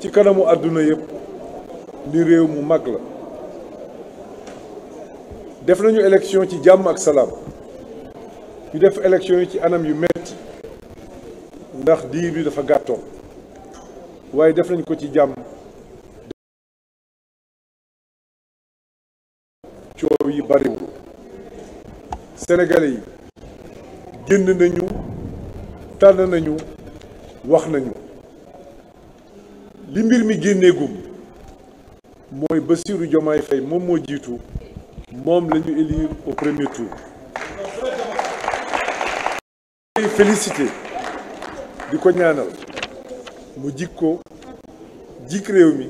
ci kanamu àdduna yëpp ni réew mu mag la def nañu élection ci jàmm ak salaam ñu def élection yi ci anam yu metti ndax diir bi dafa gàttoo waaye def nañ ko ci jàmm coow yi bariwul sénégalais yi génn nañu tànn nañu wax nañu li mbir mi génneegum mooy Bassirou Diomaye Faye moom moo jiitu moom lañu ñu élire au premier tour félicité di ko ñaanal mu jik ko jik réew mi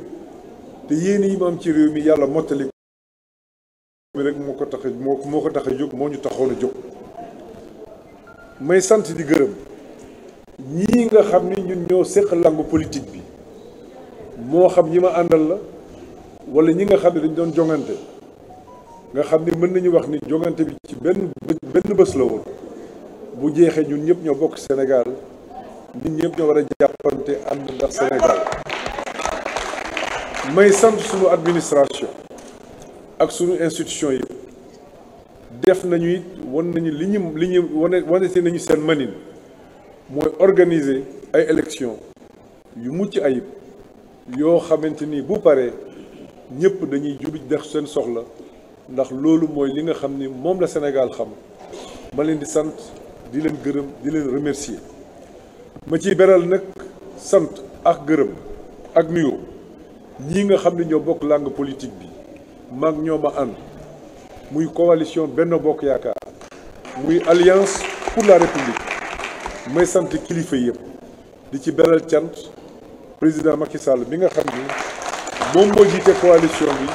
te yéen yi moom ci réew mi yàlla mottali mi moo ko tax moo moo ko tax jóg moo ñu taxoon a jóg may sant di gërëm ñii nga xam ni ñun ñoo séq langu politique bi moo xam ñi ma àndal la wala ñi nga xam ne dañ doon jongante nga xam ne mën nañu wax ni jongante bi ci benn benn bés la woon bu jeexee ñun ñëpp ñoo bokk senegal ñun ñëpp ñoo war a jàppante ànd ndax senegal may sant suñu administration ak sunu institution yi def nañu it wan nañu li ñu li ñu wane wanete nañu seen manin mooy organiser ay élection yu mucc ayib yoo xamante ni bu paree ñëpp dañuy jubi dex seen soxla ndax loolu mooy li nga xam ni moom la Sénégal xam ma leen di sant di leen gërëm di leen remercier ma ciy beral nag sant ak gërëm ak nuyoo ñii nga xam ne ñoo bokk langue politique bi maag ñoo ma ànd muy coalition benn Bokk Yaakaar muy alliance pour la république may sant kilifa yëpp di ci beral cant président Macky Sall bi nga xam ni moom moo jiite coalition bi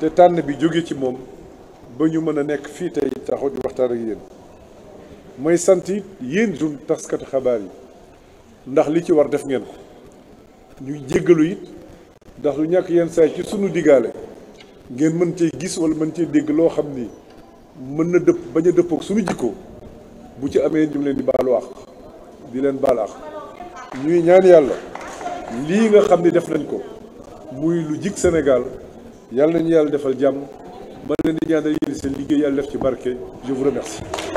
te tànn bi jóge ci moom ba ñu mën a nekk fii tey taxaw di waxtaan yi yéen mooy sant it yéen jur taskati xabaar yi ndax li ci war def ngeen ko ñu jéggalu it ndax lu ñàkk yenn saay ci sunu digaale ngeen mën cee gis wala mën cee dégg loo xam ni mën na dëpp bañ a dëppook sunu jikko bu ci amee ñu leen di baalu àq di leen baal àq ñuy ñaan yàlla lii nga xam ni def nañ ko muy lu jig Sénégal yàlla nañu yàlla defal jàmm man leen di ñaanal yéen seen liggéey yàlla def ci barke je vous remercie